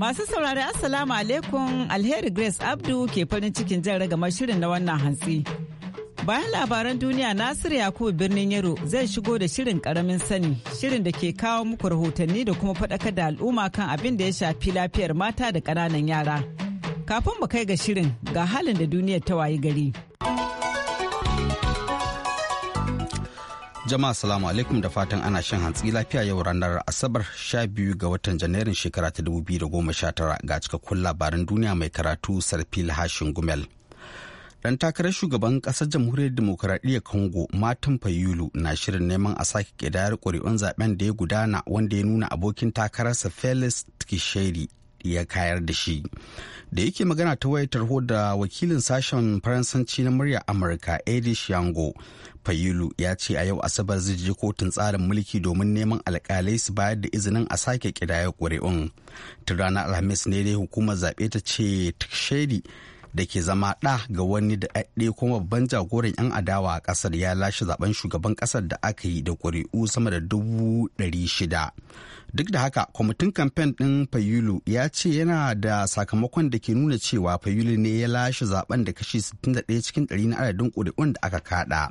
Masu saurari Assalamu alaikum Alheri Grace Abdu ke farin cikin jan ragamar shirin na wannan hantsi. Bayan labaran duniya Nasiru Yakubu birnin Yaro zai shigo da shirin karamin sani, shirin da ke kawo muku rahotanni da kuma faɗakar da al'umma kan abin da ya shafi lafiyar mata da ƙananan yara. Kafin mu kai ga shirin ga halin da duniyar ta wayi gari. Jama'a salamu alaikum da fatan ana shan hantsi lafiya yau ranar Asabar sha biyu ga watan Janairun shekara ta dubu biyu da goma sha tara ga cikakkun labaran duniya mai karatu Sarfil Hashin Gumel. Dan takarar shugaban kasar jamhuriyar demokuraɗiyyar Congo Martin Fayulu na shirin neman a sake kidayar ƙuri'un zaben da ya gudana wanda ya nuna abokin takararsa felis Tshisekedi ya kayar da shi da yake magana ta wayar tarho da wakilin sashen faransanci na murya amurka edis yango fayilu ya ce a yau asabar zai je kotun tsarin mulki domin neman alkalai su bayar da izinin a sake kidaya ƙuri'un tun ranar alhamis ne dai hukumar zaɓe ta ce shaidi da ke zama ɗa ga wani da ɗaɗɗe kuma babban jagoran 'yan adawa a ƙasar ya lashe zaben shugaban ƙasar da aka yi da ƙuri'u sama da dubu ɗari shida. Duk da haka, kwamitin kamfen ɗin Fayulu ya ce yana da sakamakon da ke nuna cewa Fayulu ne ya lashe zaben da kashi 61 cikin ɗari na adadin ƙuri'un da aka kaɗa.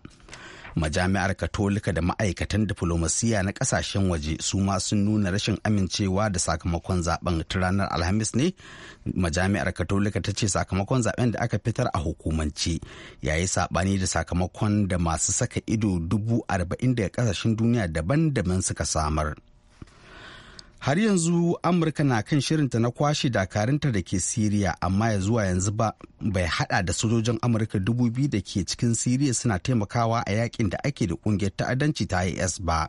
majami'ar katolika da ma'aikatan diflomasiya na kasashen waje su ma sun nuna rashin amincewa da sakamakon zaben ta ranar alhamis ne majami'ar katolika ta ce sakamakon zaben da aka fitar a hukumance ya yi sabani da sakamakon da masu saka ido dubu arba'in daga kasashen duniya daban-daban suka samar. har yanzu amurka na kan shirinta na kwashe dakarunta da ke siriya amma ya zuwa yanzu ba bai hada da sojojin amurka dubu biyu da ke cikin siriya suna taimakawa a yakin da ake da kungiyar ta'addanci ta is ba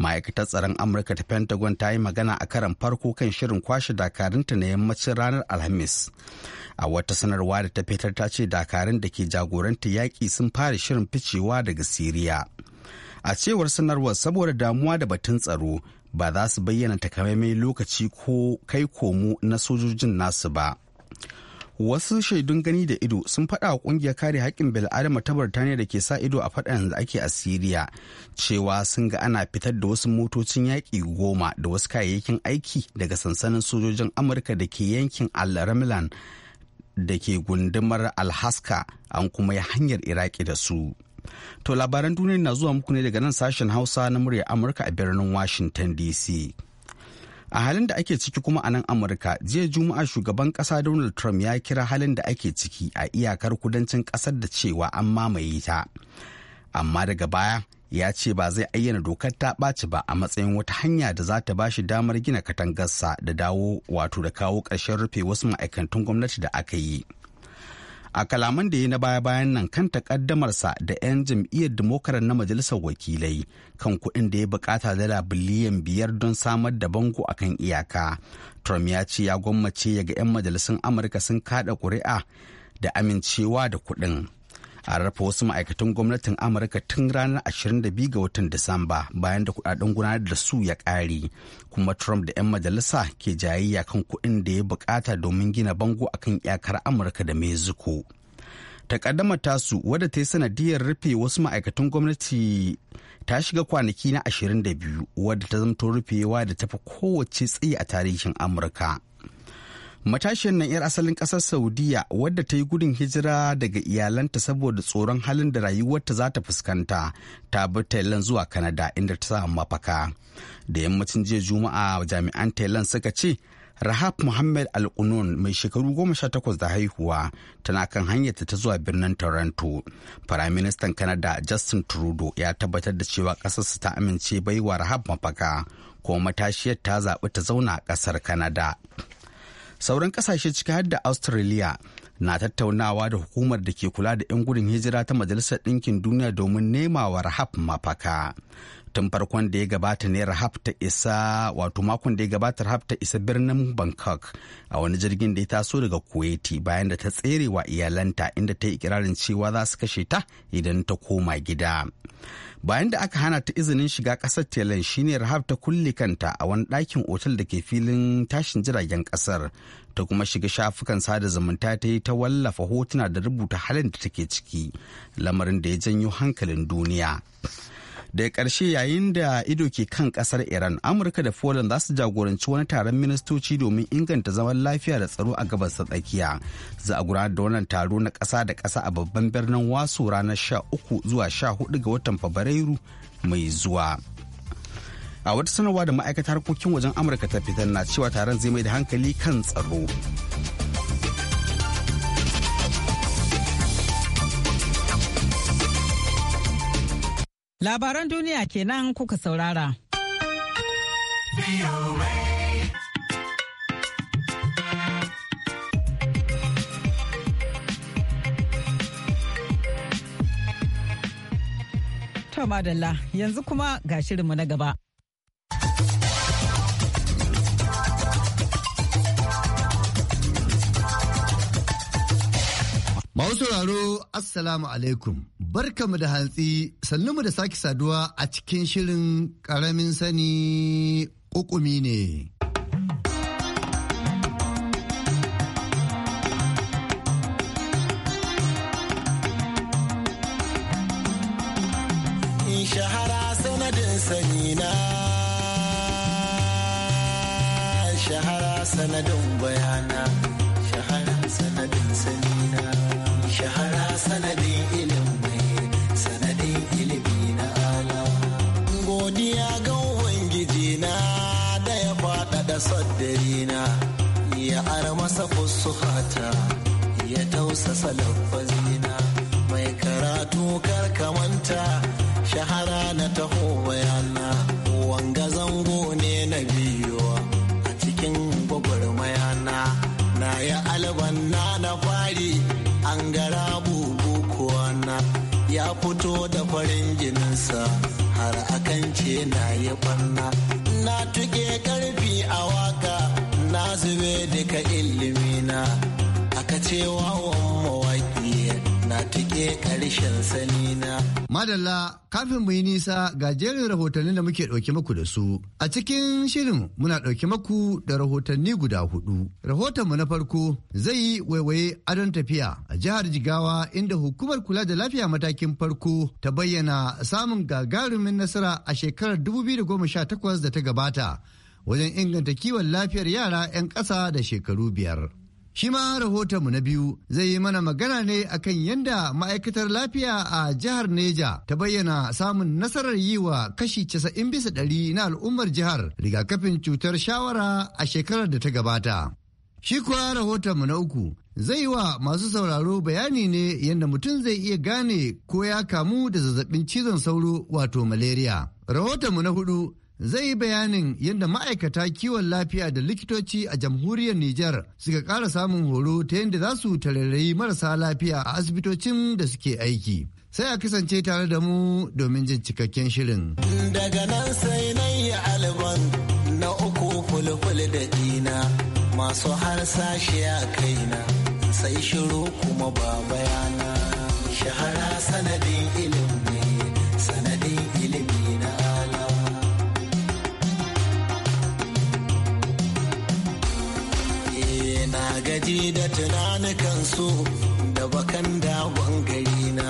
ma'aikatar tsaron amurka ta pentagon ta yi magana a karan farko kan shirin kwashe dakarunta na yammacin ranar alhamis a wata sanarwa da ta fitar ta ce dakarun da ke jagoranta yaƙi sun fara shirin ficewa daga siriya a cewar sanarwar saboda damuwa da batun tsaro ba za su bayyana takamaimai lokaci ko kai komo na sojojin nasu ba wasu shaidun gani da ido sun faɗa wa ƙungiyar kare haƙƙin bil'adama ta birtaniya da ke sa ido a faɗan yanzu ake a siriya cewa sun ga ana fitar da wasu motocin yaƙi goma da wasu kayayyakin aiki daga sansanin sojojin amurka da ke yankin al-ramlan da ke gundumar alhaska an kuma yi hanyar iraki da su. To labaran duniya na zuwa muku ne daga nan sashen Hausa na muryar Amurka a birnin Washington DC. A halin da ake ciki kuma a nan Amurka, jiya Juma'a shugaban kasa Donald Trump ya kira halin da ake ciki a iyakar kudancin kasar da cewa an mamaye ta. Amma daga baya ya ce ba zai ayyana dokar ta ɓaci ba a matsayin wata hanya da za ta bashi damar gina katangarsa da dawo wato da kawo ƙarshen rufe wasu ma'aikatan gwamnati da aka yi. a kalaman da ya na baya-bayan nan kan takaddamarsa da 'yan jam'iyyar demokarat na majalisar wakilai kan kuɗin da ya bukata dala biliyan biyar don samar da bango a kan iyaka trump ya ce ya gwammace ya ga 'yan majalisun amurka sun kada kuri'a da amincewa da kuɗin a rarrafa wasu ma'aikatan gwamnatin amurka tun ranar 22 ga watan disamba bayan da kudaden gudanar da su ya ƙare kuma trump da 'yan majalisa ke jayayya kan kuɗin da ya bukata domin gina bango akan iyakar amurka da mexico takaddama tasu wadda ta yi sanadiyar rufe wasu ma'aikatan gwamnati ta shiga kwanaki na 22 wadda ta zamto rufewa da tafi kowace tsaye a tarihin amurka matashiyar nan 'yar asalin ƙasar saudiya wadda ta yi gudun hijira daga iyalanta saboda tsoron halin da rayuwarta za ta fuskanta ta bi thailand zuwa Kanada inda ta samu mafaka da yammacin jiya juma'a jami'an thailand suka ce rahab muhammad alkunun mai shekaru goma sha takwas da haihuwa tana kan hanyarta ta zuwa birnin toronto firaministan Kanada justin trudeau ya tabbatar da cewa su ta amince baiwa rahab mafaka kuma matashiyar ta zaɓi ta zauna a ƙasar Kanada. sauran kasashe ciki har da australia na tattaunawa da hukumar da ke kula da 'yan gudun hijira ta majalisar ɗinkin duniya domin nema wa rahab mafaka tun farkon da ya gabata ne rahab ta isa wato makon da ya gabata rahab ta isa birnin bangkok a wani jirgin da ya taso daga kuwaiti bayan da ta tserewa iyalanta inda ta yi ikirarin cewa za su kashe ta idan ta koma gida bayan da aka hana ta izinin shiga ƙasar telan shine rahab ta kulle kanta a wani ɗakin otal da ke filin tashin jiragen kasar ta kuma shiga shafukan sada zumunta ta yi ta wallafa hotuna da rubuta halin da take ciki lamarin da ya janyo hankalin duniya daga ƙarshe yayin da ido ke kan ƙasar iran amurka da poland za su jagoranci wani taron ministoci domin inganta zaman lafiya da tsaro a gabas ta tsakiya za a gudanar da wannan taro na ƙasa da ƙasa a babban birnin wasu ranar uku zuwa sha hudu ga watan fabrairu mai zuwa a wata sanarwa da ma'aikatar harkokin wajen amurka ta fitar na cewa taron zai mai da hankali kan tsaro Labaran duniya kenan kuka saurara. To yanzu kuma ga shirinmu na gaba. Masu sauraro Assalamu alaikum, barkamu da hantsi mu da sake saduwa a cikin shirin ƙaramin sani ƙuƙumi ne. Shahara sanadin sanina shahara sanadin bayana. fata ya tausasa lafazina mai karatu karkamanta shahara na taho bayana wanga zango ne na biyu a cikin gwagwarmayana na ya albanna na fari an gara bubu ya fito da farin jininsa har akan ce na yi banna na tuke karfi a duka ilimina aka ce na tuke Madalla kafin mu yi nisa ga jerin rahotannin da muke ɗauke muku da su. A cikin shirin muna ɗauke muku da rahotanni guda hudu. Rahotonmu na farko zai yi waiwaye adon tafiya a jihar Jigawa inda hukumar kula da lafiya matakin farko ta bayyana samun gagarumin nasara a shekarar 2018 da ta gabata. wajen inganta kiwon lafiyar yara 'yan ƙasa da shekaru biyar. Shi ma rahotonmu na biyu zai yi mana magana ne akan yadda ma'aikatar lafiya a jihar Neja ta bayyana samun nasarar yi wa kashi 90 bisa ɗari na al'ummar jihar rigakafin cutar shawara a shekarar da ta gabata. Shi kuwa rahotonmu na uku zai yi wa masu sauraro bayani ne yadda mutum zai iya gane ko ya kamu da zazzabin cizon sauro wato malaria. Rahotonmu na hudu zai yi bayanin yadda ma'aikata kiwon lafiya da likitoci a jamhuriyar Nijar suka ƙara samun horo ta yadda za su tarairayi marasa lafiya a asibitocin da suke aiki. Sai a kasance tare da mu domin jin cikakken shirin. Daga nan sai na yi alban na uku fulful da dina masu harsashi a kaina sai shiru kuma ba bayana shahara sanadin ilimi. gaji da tunanin su da bakan dawon gari na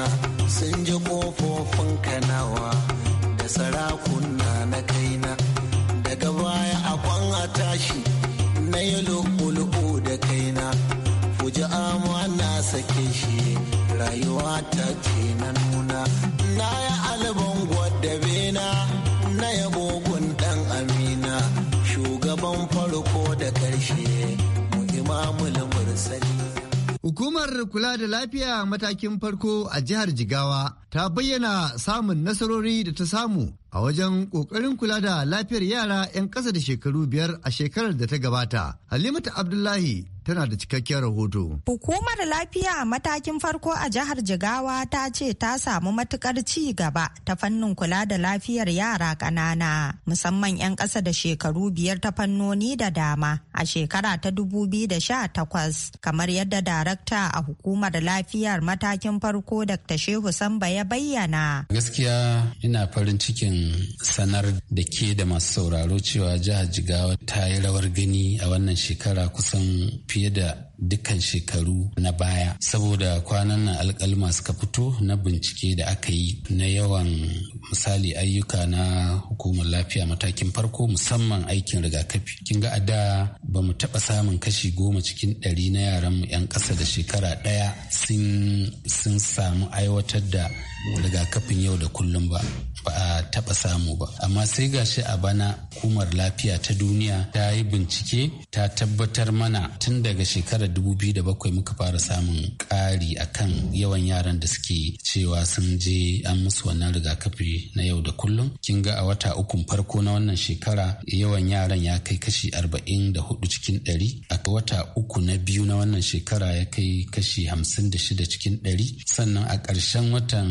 sun ji kofofin kanawa da sarakuna na kaina daga baya kwan a tashi na yi lukuluku da kaina fuji ama na sake shi rayuwa ta ce na nuna na ya alba Hukumar kula da lafiya matakin farko a jihar Jigawa ta bayyana samun nasarori da ta samu a wajen ƙoƙarin kula da lafiyar yara 'yan ƙasa da shekaru biyar a shekarar da ta gabata. Halimatu Abdullahi tana da cikakken rahoto. Hukumar lafiya matakin farko a jihar Jigawa ta ce ta samu matukar ci gaba ta fannin kula da lafiyar yara ƙanana musamman 'yan ƙasa da shekaru biyar ta fannoni da dama a shekara ta 2018 kamar yadda darakta a hukumar lafiyar matakin farko Dr. Shehu Samba ya bayyana. Gaskiya ina farin cikin sanar da ke da masu sauraro cewa jihar Jigawa ta yi rawar gani a wannan shekara kusan fiye fiye da dukkan shekaru na baya saboda kwanan nan alkalma suka fito na bincike da aka yi na yawan misali ayyuka na hukumar lafiya matakin farko musamman aikin rigakafi kin ga a da ba mu taɓa samun kashi goma cikin ɗari na yaran mu 'yan ƙasa da shekara ɗaya sun samu aiwatar da rigakafin yau da kullum ba ba a taɓa samu ba amma sai gashi a bana hukumar lafiya ta duniya ta yi bincike ta tabbatar mana tun daga shekarar 2007 muka fara samun ƙari a kan yawan yaran da suke cewa sun je an musu wannan rigakafi na yau da kullum kin ga a wata ukun farko na wannan shekara yawan yaran ya kai kashi 44 cikin 100 a wata uku na biyu na wannan shekara ya kai kashi 56 cikin 100 sannan a ƙarshen watan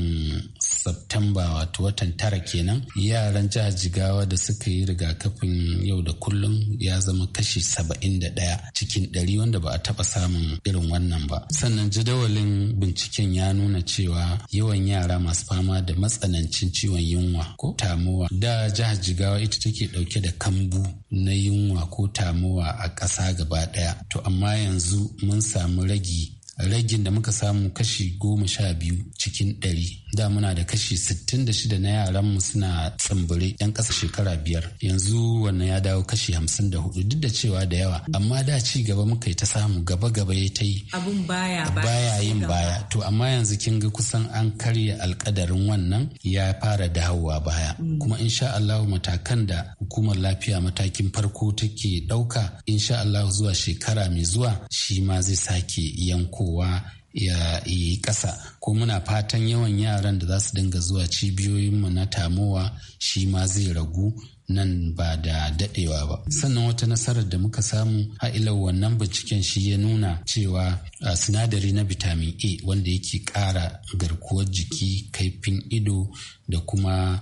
Satumba wato watan tara kenan yaran jihar Jigawa da suka yi rigakafin yau da kullum ya zama kashi saba'in 71 cikin ɗari, wanda ba a taɓa samun irin wannan ba sannan jadawalin binciken ya nuna cewa yawan yara masu fama da matsanancin ciwon yunwa ko tamuwa da jihar jigawa ita take dauke da kambu na yunwa ko tamuwa a ƙasa gaba ɗaya to amma yanzu mun samu ragi ragin da muka samu kashi goma sha biyu cikin ɗari da muna da kashi 66 na yaran mu suna tsambure 'yan ƙasa shekara biyar yanzu wannan ya dawo kashi 54 duk da cewa da yawa amma da ci gaba muka yi ta samu gaba gaba ya ta yi abun baya baya yin baya to amma yanzu kin ga kusan an karya alkadarin wannan ya fara dawowa baya mm. kuma insha Allah matakan da hukumar lafiya matakin farko take ɗauka insha Allah zuwa shekara mai zuwa shi ma zai sake yankowa ya yi ƙasa ko muna fatan yawan yaran da za su dinga zuwa cibiyoyinmu na tamowa shi ma zai ragu nan ba da daɗewa ba sannan wata nasarar da muka samu ha'ilau wannan binciken shi ya nuna cewa sinadari na vitamin a wanda yake ƙara garkuwar jiki kaifin ido da kuma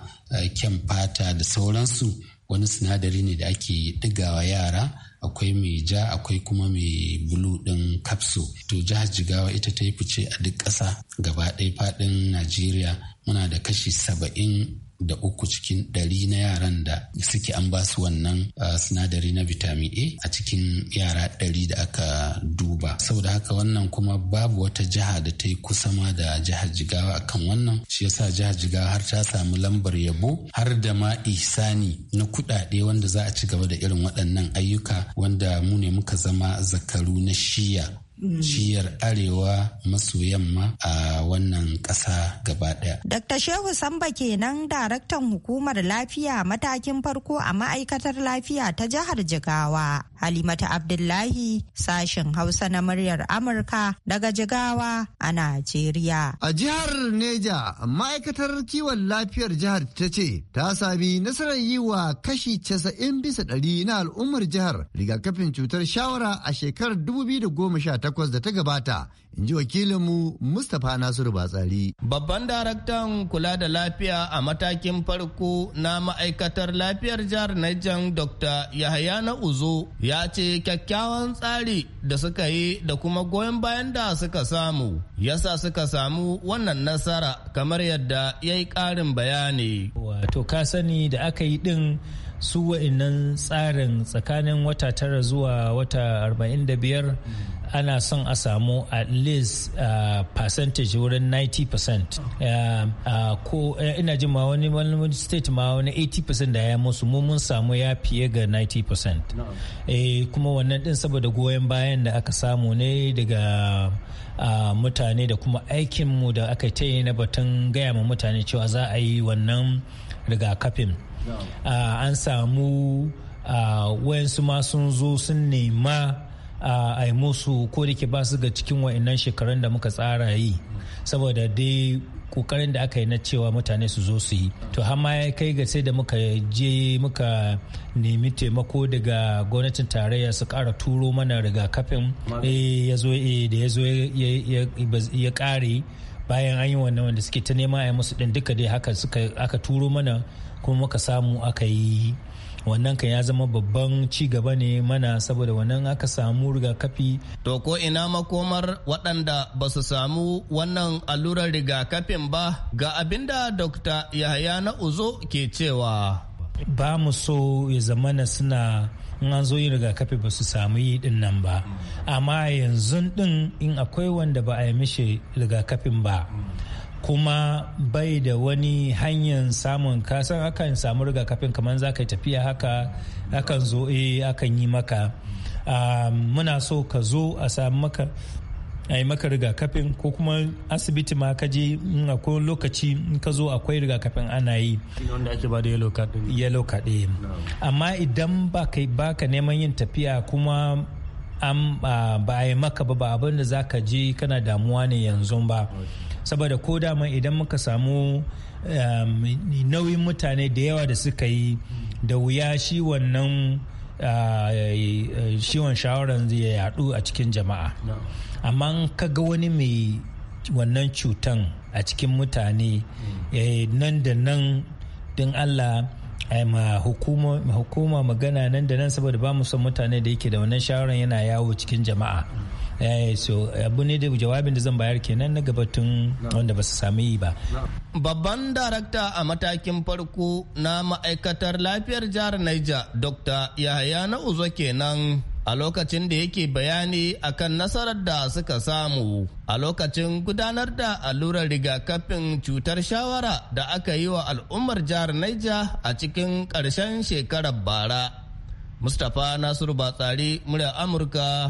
kyan fata da sauransu wani sinadari ne da ake digawa yara akwai mai ja akwai kuma mai bulu din kapsu to jihar jigawa ita ta yi fice a duk ƙasa gaba ɗaya faɗin najeriya muna da kashi saba'in da uku cikin ɗari na yaran da suke an ba su wannan uh, sinadari na vitamin A a cikin yara ɗari da aka duba. Saboda haka wannan kuma babu wata jiha da ta yi kusa ma da jihar Jigawa akan wannan shi yasa jihar Jigawa har ta samu lambar yabo har da ma ihsani na kuɗaɗe wanda za a ci gaba da irin waɗannan ayyuka wanda mu ne muka zama zakaru na shiya jiyar mm. arewa maso yamma a wannan ƙasa gaba daya. Dr. Shehu Samba kenan daraktan hukumar lafiya matakin farko a ma'aikatar lafiya ta jihar Jigawa. Halimata Abdullahi sashen Hausa na muryar Amurka daga Jigawa a Najeriya. A jihar Neja ma'aikatar kiwon lafiyar jihar ta ce ta sami nasarar yi wa kashi casa'in bisa ɗari na al'ummar jihar rigakafin cutar shawara a shekarar 2019. takwas da ta gabata in ji wakilinmu mustapha nasiru batsari babban daraktan kula da lafiya a matakin farko na ma'aikatar lafiyar jihar niger dr yahaya na uzo ya ce kyakkyawan tsari da suka yi da kuma goyon bayan da suka samu yasa suka samu wannan nasara kamar yadda ya yi ƙarin bayani wato ka sani da aka yi din su wa'innan tsarin tsakanin wata tara zuwa wata 45 ana son a samu at least uh, percentage wurin 90% uh, uh, ko eh, ina jin ma wani state ma wani 80% da ya musu mu mun samu ya fiye ga 90% no. e, kuma wannan din saboda goyon bayan da aka samu ne daga uh, mutane da kuma aikinmu da aka yi na batun gaya ma mutane cewa za a yi wannan rigakafin. Ah, an samu ah, wayansu ma sun zo sun nema a ah, yi musu ko da ke ba su ga cikin wa'annan shekarun da muka tsara yi saboda dai kokarin da aka yi na cewa mutane su zo su yi to har ya kai ga sai da muka je muka nemi taimako daga gwamnatin tarayya su kara turo mana rigakafin eh, ya zo eh, da ya zo ya kare bayan an yi wannan wanda suke ta nema a yi musu din duka dai haka suka aka turo mana kuma muka samu aka yi wannan kan ya zama babban ci gaba ne mana saboda wannan aka samu rigakafi. To ko ina makomar waɗanda ba su samu wannan allurar rigakafin ba ga abinda Dr. Yahaya na Uzo ke cewa. ba mu so ya zamana suna an zo yin rigakafi ba su samu yi din nan ba amma yanzu din in akwai wanda ba a yi mishi rigakafin ba kuma bai da wani hanyar samun kasan akan samu rigakafin kamar za ka yi tafiya haka akan zo eh akan yi maka ah, muna so ka zo a samu maka a yi maka rigakafin ko kuma asibiti ma ka je in akwai lokaci in ka zo akwai rigakafin ana yi wanda ake ba da yellow card yellow eh. amma idan ba ka baka neman yin tafiya kuma ba a yi maka ba ba abin da za ka je kana damuwa ne yanzu ba saboda ko dama idan muka samu nauyin mutane da yawa da suka yi da wuya shi wannan ciwon shawaran zai yadu a cikin jama'a amma ka ga wani mai wannan cutan a cikin mutane mm. eh, nan da nan din allah ma hukuma magana nan da nan saboda ba mu son mutane da yake da wannan shawaran yana yawo cikin jama'a mm. Eh, so abu ne da jawabin da zan bayar kenan na gabatun wanda ba su sami yi ba babban darakta a matakin farko na ma'aikatar lafiyar jihar niger dr yahaya na uzo kenan a lokacin da yake bayani akan nasarar da suka samu a lokacin gudanar da allurar rigakafin cutar shawara da aka yi wa al'ummar jihar Niger a cikin ƙarshen shekarar bara. Mustapha Nasiru Batsari, murya Amurka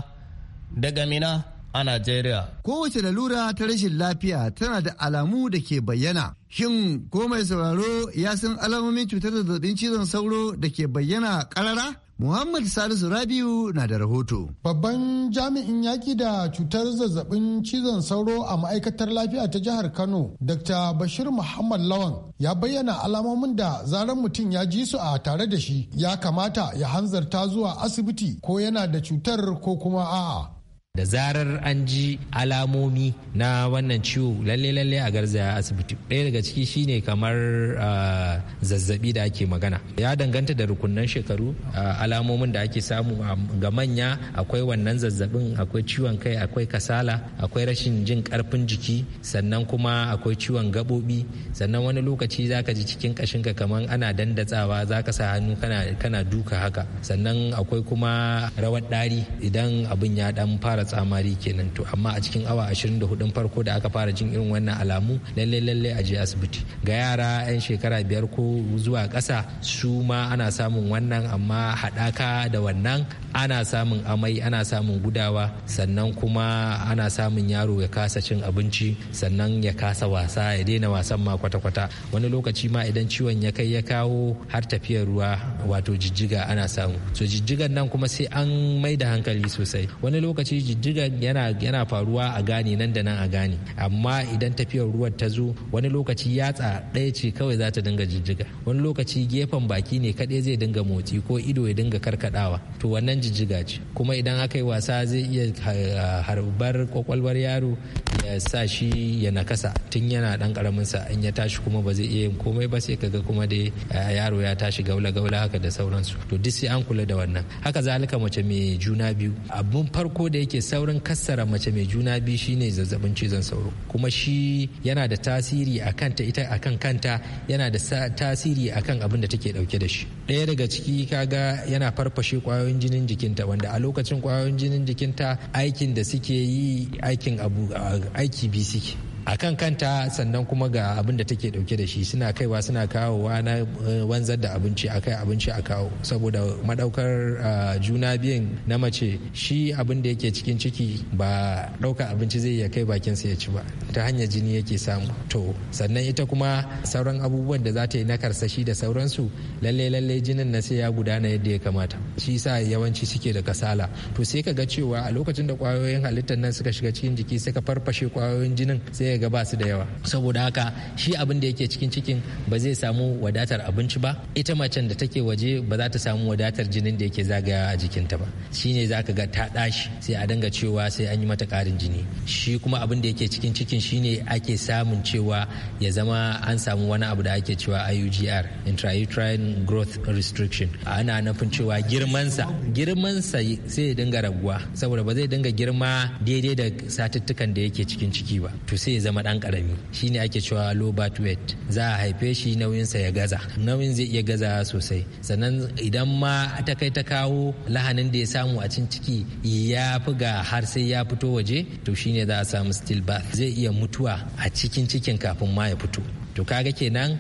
daga Mina a Najeriya. Kowace lalura ta rashin lafiya tana da alamu da ke bayyana. Shin ko mai sauraro ya san alamomin cutar zazzabin cizon sauro da ke bayyana karara? Muhammad Salisu Rabiu na da rahoto. Babban jami'in yaƙi da cutar zazzabin cizon sauro a ma'aikatar lafiya ta jihar Kano, Dr. Bashir Muhammad Lawan ya bayyana alamomin da zaren mutum ya ji su a tare da shi ya kamata ya hanzarta zuwa asibiti ko yana da cutar ko kuma a'a. da zarar an ji alamomi na wannan ciwo lalle lalle a garzaya asibiti ɗaya daga ciki shine kamar ah, zazzabi da ake magana ya danganta da rukunnan shekaru ah, alamomin da ake samu ga manya akwai wannan zazzabin akwai ciwon kai akwai kasala akwai rashin jin karfin jiki sannan kuma akwai ciwon gabobi sannan wani lokaci zaka ji cikin kashinka kamar ana dandatsawa zaka sa hannu kana duka haka sannan akwai kuma rawar ɗari idan abin ya dan fara tsamari kenan to amma a cikin awa 24 farko da aka fara jin irin wannan alamu lalle lalle a je asibiti ga yara 'yan shekara biyar ko zuwa ƙasa su ma ana samun wannan amma haɗaka da wannan ana samun amai ana samun gudawa sannan kuma ana samun yaro ya kasa cin abinci sannan ya kasa wasa ya daina wasan ma kwata-kwata wani lokaci ma idan ciwon ya kai ya kawo har tafiyar ruwa wato jijjiga ana samu so jijjigan nan kuma sai an mai da hankali sosai wani lokaci ƙididdigan yana yana faruwa a gane nan da nan a gane amma idan tafiyar ruwan ta zo wani lokaci yatsa ɗaya ce kawai za ta dinga jijjiga wani lokaci gefen baki ne kaɗai zai dinga motsi ko ido ya dinga karkadawa to wannan jijjiga ce kuma idan aka yi wasa zai iya harbar kwakwalwar yaro ya sa shi ya nakasa tun yana ɗan ƙaramin sa in ya tashi kuma ba zai iya yin komai ba sai kaga kuma dai yaro ya tashi gaula gaula haka da sauransu to duk sai an kula da wannan haka zalika mace mai juna biyu abun farko da yake saurin kassara mace mai juna biyu shine zazzabin cizon sauro kuma shi yana da tasiri a kanta ita a kan kanta yana da tasiri a kan abin da take dauke da shi ɗaya daga ciki kaga yana farfashe kwayoyin jinin jikinta wanda a lokacin kwayoyin jinin jikinta aikin da suke yi aikin abu aiki bi suke a kan kanta sannan kuma ga abin da take dauke da shi suna kaiwa suna kawowa na eh, wanzar da abinci a kai abinci a kawo saboda madaukar ah, juna biyun na mace shi abin da yake cikin ciki ba dauka abinci zai iya kai bakinsa ya ci ba ta hanyar jini yake samu to sannan ita kuma sauran abubuwan da za ta yi na karsashi da sauransu lalle lalle jinin na sai ya gudana yadda ya kamata shi sa yawanci suke da kasala to sai ka ga cewa a lokacin da kwayoyin halittar nan suka shiga cikin jiki suka farfashe kwayoyin jinin sai sai ga ba su da yawa saboda haka shi abin da yake cikin cikin ba zai samu wadatar abinci ba ita macen da take waje ba za ta samu wadatar jinin da yake zagaya a jikinta ba shine za ka ga ta ɗashi sai a dinga cewa sai an yi mata karin jini shi kuma abin da yake cikin cikin shine ake samun cewa ya zama an samu wani abu da ake cewa IUGR intrauterine growth restriction ana nufin cewa girmansa girmansa sai ya dinga raguwa saboda ba zai dinga girma daidai da satuttukan da yake cikin ciki ba to sai zama dan karami shine ake cewa low birth weight za a haife shi nauyinsa ya gaza nauyin zai iya gaza sosai sannan idan ma ta kai ta kawo lahanin da ya samu a cin ciki ya fi ga har sai ya fito waje to shine za a samu still birth zai iya mutuwa a cikin cikin kafin ma ya fito to kaga kenan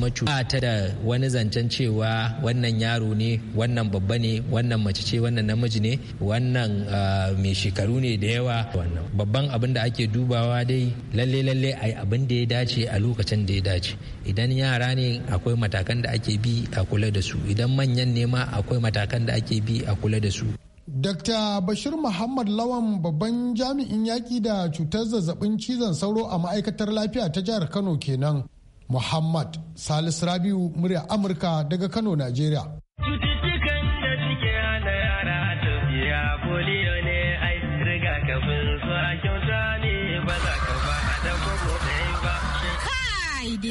macu ta da wani zancen cewa wannan yaro ne wannan babba ne wannan mace ce wannan namiji ne wannan mai shekaru ne da yawa babban abin da ake dubawa dai lalle lalle ai abin da ya dace a lokacin da ya dace idan yara ne akwai matakan da ake bi a kula da su idan manyan ne ma akwai matakan da ake bi a kula da su Dr. Bashir Muhammad Lawan babban jami'in yaƙi da cutar zazzabin cizon sauro a ma'aikatar lafiya ta jihar Kano kenan. Muhammad Salisu Rabiu murya Amurka daga Kano, Najeriya.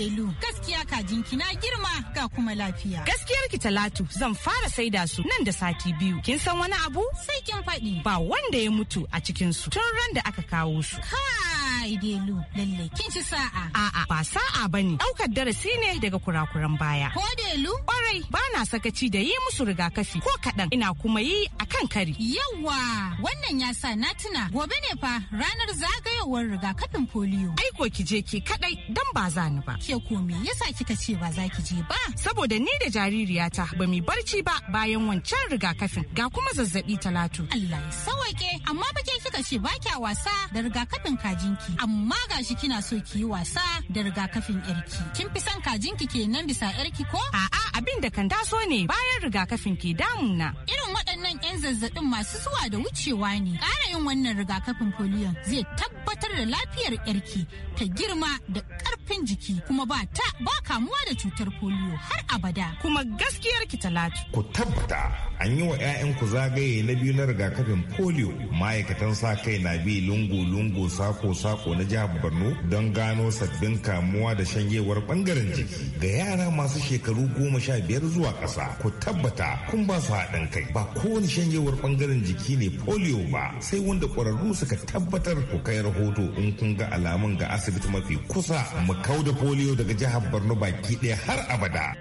Delu. Gaskiya kajinki na girma ga kuma lafiya. Gaskiyar ki Talatu zan fara saida su nan da sati biyu. Kin san wani abu? Sai kin faɗi. Ba wanda ya mutu a cikin su tun ran da aka kawo su. Kai Delu lalle kin ci sa'a. A'a ba sa'a bane. Daukar darasi ne daga kurakuran baya. Ko Delu? Kwarai ba na sakaci da yi musu rigakafi ko kaɗan ina kuma yi a kan kari. Yawwa wannan ya sa na tuna gobe ne fa ranar zagayowar rigakafin polio. Aiko ki je ki kaɗai dan ba za ni ba. Ki ce ko me yasa kika ce ba za ki je ba? Saboda ni da jaririyata ba mu barci ba bayan wancan rigakafin ga kuma zazzabi talatu. Allah ya sawake amma ba ke kika ce ba kya wasa da rigakafin kajinki amma gashi kina so ki yi wasa da rigakafin yarki. Kin fi son kajinki kenan bisa yarki ko? A'a abin da kan taso ne bayan rigakafin ke damuna. Irin waɗannan 'yan zazzabin masu zuwa da wucewa ne. Ƙara yin wannan rigakafin poliyon zai tabbatar da lafiyar yarki ta girma da ƙarfin jiki kuma kuma ba ta ba kamuwa da cutar polio har abada kuma gaskiyar ki talatu ku tabbata an yi wa ku zagaye na biyu na rigakafin polio ma'aikatan sa kai na bi lungu-lungu sako-sako na jihar borno don gano sabbin kamuwa da shanyewar bangaren jiki ga yara masu shekaru goma sha biyar zuwa ƙasa ku tabbata kun ba su haɗin kai ba kowane shanyewar bangaren jiki ne polio ba sai wanda ƙwararru suka tabbatar ku kai rahoto in kun ga alamun ga asibiti mafi kusa mu kau da polio yau daga jihar borno baki ɗaya har abada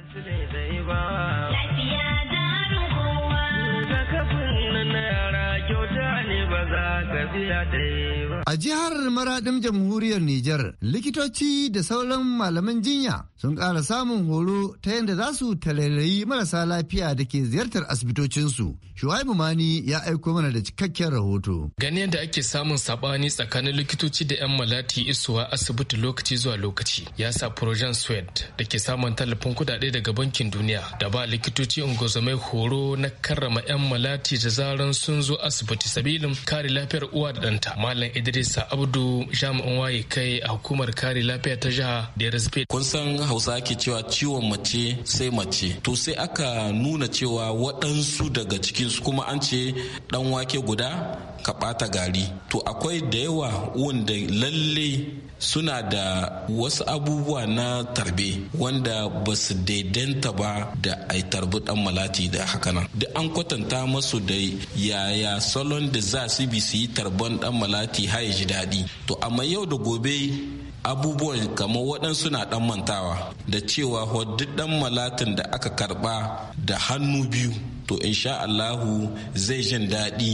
Lafiya da kafin na yara kyau A jihar Maradin Jamhuriyar Nijar, likitoci da sauran malaman jinya sun ƙara samun horo ta yadda za su talairayi marasa lafiya da ke ziyartar asibitocinsu. Shuaibu Mani ya aiko mana da cikakken rahoto. Gani yadda ake samun sabani tsakanin likitoci da 'yan malati isuwa asibiti lokaci zuwa lokaci ya sa Projan Swed da ke samun tallafin kudade daga bankin duniya da ba likitoci horo na karrama 'yan malati da zaran sun zo asibiti. gwamnati sabilin kare lafiyar uwa da ɗanta malam idrisa abdu jami'in waye kai a hukumar kare lafiya ta jiha da ya kun san hausa ke cewa ciwon mace sai mace to sai aka nuna cewa waɗansu daga cikinsu kuma an ce ɗan wake guda ka ɓata gari to akwai da yawa wanda lalle suna da wasu abubuwa na tarbe wanda ba su daidanta ba da a tarbi dan malati da haka nan duk an kwatanta masu da yaya salon da za su bi su yi tarban dan malati ha ji daɗi to amma yau da gobe abubuwan kamar waɗansu na ɗan mantawa da cewa duk ɗan malatin da aka karɓa da hannu biyu to insha Allahu zai jin daɗi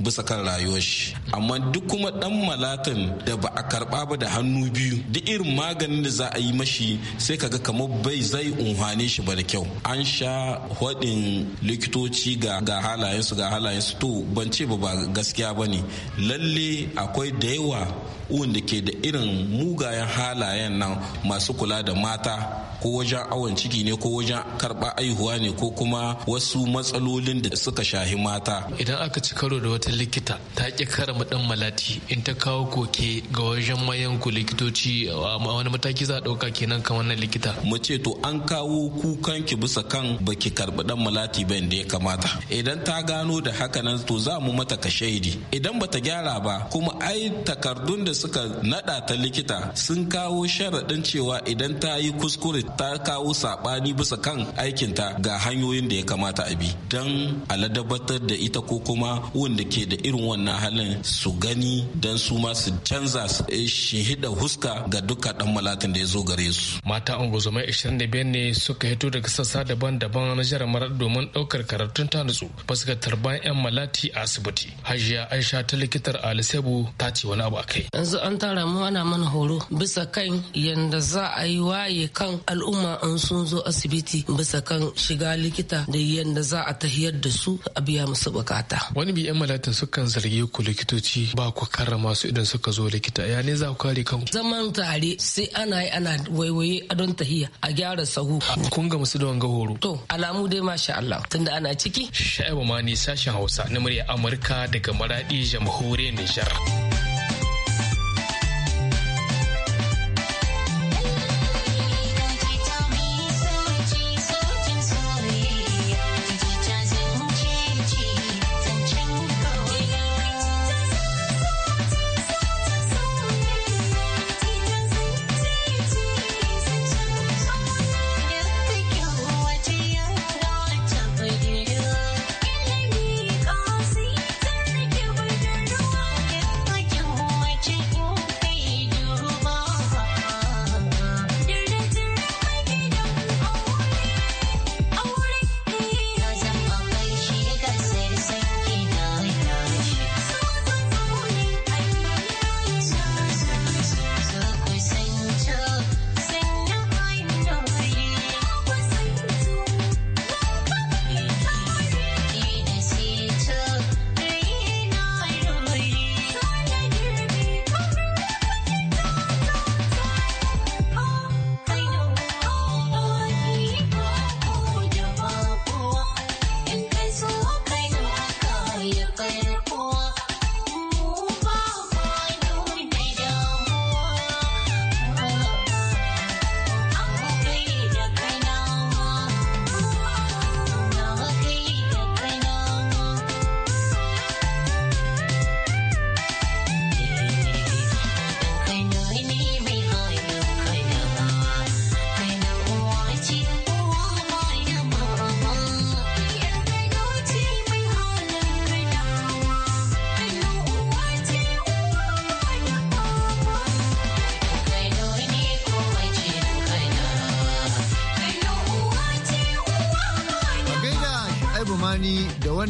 bisa kan rayuwar shi amma duk kuma dan malatan da ba a karba ba da hannu biyu duk irin maganin da za a yi mashi sai kaga kamar bai zai unhane shi ba da kyau an sha hwadin likitoci ga ga halayensu ga halayensu to ban ce ba ba gaskiya ba ne lalle akwai da yawa da ke da irin mugayen halayen nan masu kula da mata ko wajen awon ciki ne ko wajen karba aihuwa ne ko kuma wasu matsalolin da suka shahi mata idan aka ci karo da wata ta likita ta ki karama dan malati in ta kawo koke ga wajen mayan ku likitoci a wani mataki za a dauka kenan kan wannan likita mu ce to an kawo kukan ki bisa kan baki karbi dan malati ba da ya kamata idan ta gano da haka nan to za mu mata ka shaidi idan bata gyara ba kuma ai takardun da suka nada ta likita sun kawo sharaɗin cewa idan ta yi kuskure ta kawo saɓani bisa kan aikinta ga hanyoyin da ya kamata a bi don aladabatar da ita ko kuma wanda ke da irin wannan halin su gani don su masu canza eh, shi hida huska ga duka dan malatin da ya zo gare su mata unguzumai 25 ne suka hito daga sassa daban-daban na jihar marar domin ɗaukar karatun ta nutsu ba su ga tarban yan malati a asibiti hajiya aisha ta likitar alisebu ta ce wani abu a kai. yanzu an tara mu ana mana horo bisa kan yanda za a yi waye kan al'umma in sun zo asibiti bisa kan shiga likita da yanda za a tahiyar da su a biya musu bukata wani bi yan malati likita sukan zargi ku likitoci ba ku karrama su idan suka zo likita ya ne za ku kare kanku zaman tare sai ana yi ana waiwaye a don tahiya a gyara sahu kun ga musu da wanga horo to alamu dai masha Allah tunda ana ciki sha'ibu mani sashen Hausa na murya Amurka daga maradi jamhuriyar Nijar.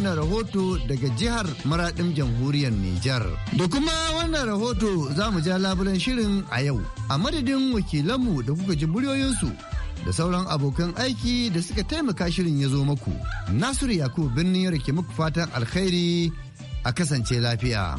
wannan rahoto daga jihar Maradin jamhuriyar Nijar. Da kuma wannan rahoto za mu ja labulen shirin a yau. A madadin wakilanmu da kuka ji muryoyinsu da sauran abokan aiki da suka taimaka shirin ya zo maku. Nasiru Yakubu birnin ya rike muku fatan alkhairi a kasance lafiya.